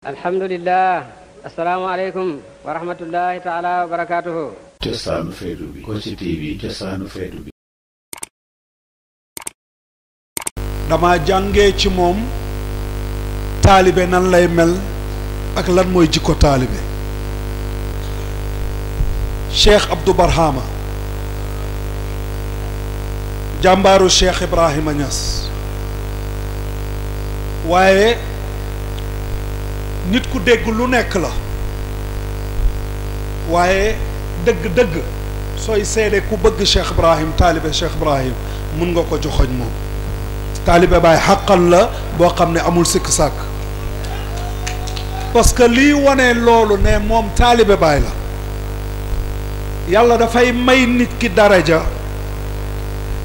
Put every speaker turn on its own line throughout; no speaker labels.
alhamdulilah asalaamaaleykum wa rahmatullahi dama jàngee ci moom taalibe nan lay mel ak lan mooy jikko taalibe cheikh abdou barhama jàmbaaru cheikh ibrahima ñas waaye nit ku dégg lu nekk la waaye dëgg-dëgg sooy seede ku bëgg Cheikh Ibrahim taalibe Cheikh Ibrahim mun nga ko joxoñ moom taalibe baay xàqan la boo xam ne amul sikk sàkk parce que lii wane loolu ne moom taalibe baay la yàlla dafay may nit ki daraja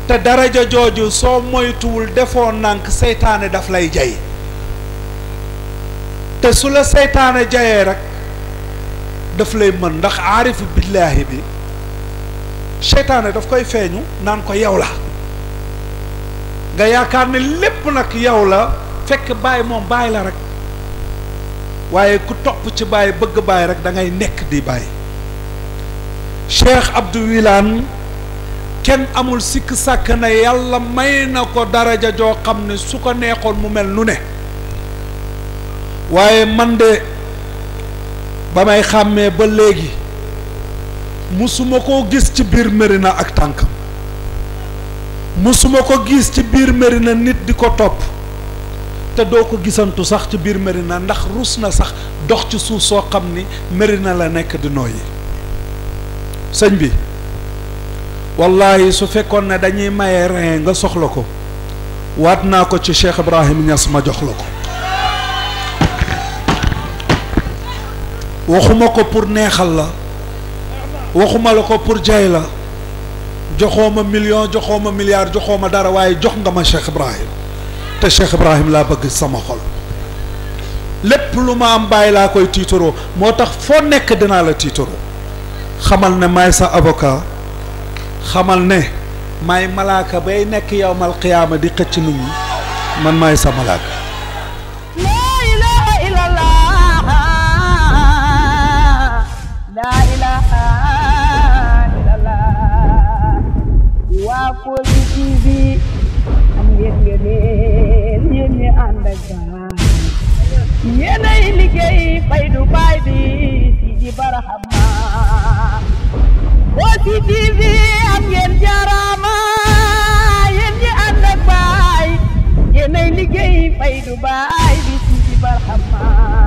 te daraja jooju soo moytuwul defoo nànk seytaane daf lay jay te su la seytaane jayee rek daf lay mën ndax aarifu billaahi bi seytaane daf koy feeñu naan ko yow la nga yaakaar ni lépp nag yow la fekk bàyyi moom bàyyi la rek waaye ku topp ci bàyyi bëgg bàyyi rek dangay nekk di bàyyi Cheikh Abdou Wilane kenn amul sikk sàkk na yàlla may na ko daraja joo xam ne su ko neexoon mu mel nu ne waaye man de ba may xàmmee ba léegi musuma koo gis ci biir Médina ak tànkam musuma ko gis ci biir Médina nit di ko topp te doo ko gisantu sax ci biir Médina ndax rus na sax dox ci suuf soo xam ni Médina la nekk di nooyi sëñ bi wallahi su fekkoon ne dañuy maye rein nga soxla ko waat naa ko ci Cheikh Ibrahim Niass ma jox la ko waxuma ko pour neexal la waxuma la ko pour jay la joxoo million joxoo ma milliard joxoo ma dara waaye jox nga ma Cheikh Ibrahim te Cheikh Ibrahim laa bëgg sama xol lépp lu ma am bàyyi laa koy tiitaroo moo tax foo nekk la tiitaroo xamal ne maay sa avocat xamal ne maay malaaka bay nekk yowmal qiyaama di xëcc nit ñi man maay sa malaaka Kossy TV am ngeen jaaraama yéen ñi ànd ak baay yéenay liggéey fay baay bi ci barxama